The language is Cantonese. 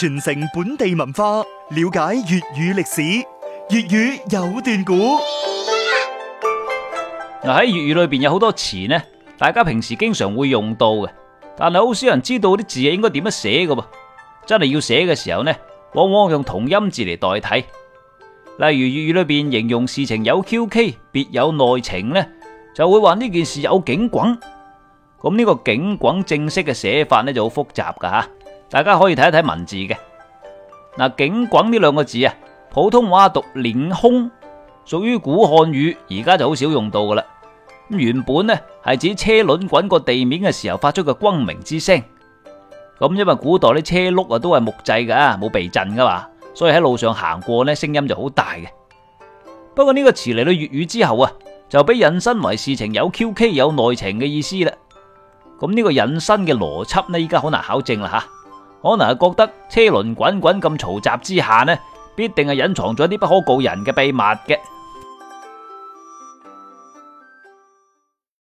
傳承本地文化，了解粵語歷史，粵語有段古。嗱喺粵語裏邊有好多詞咧，大家平時經常會用到嘅，但係好少人知道啲字啊應該點樣寫噶噃。真係要寫嘅時候呢，往往用同音字嚟代替。例如粵語裏邊形容事情有蹺蹊，別有內情呢，就會話呢件事有景轟。咁呢個景轟正式嘅寫法呢，就好複雜噶吓。大家可以睇一睇文字嘅嗱，輘輷呢兩個字啊，普通話讀凌轟，屬於古漢語，而家就好少用到噶啦。原本呢係指車輪滾過地面嘅時候發出嘅轟鳴之聲。咁、嗯、因為古代啲車轆啊都係木製噶，冇避震噶嘛，所以喺路上行過呢聲音就好大嘅。不過呢個詞嚟到粵語之後啊，就俾引申為事情有 Q K 有內情嘅意思啦。咁、嗯、呢、這個引申嘅邏輯呢，依家好難考證啦吓、啊。可能係覺得車輪滾滾咁嘈雜之下呢，必定係隱藏咗啲不可告人嘅秘密嘅。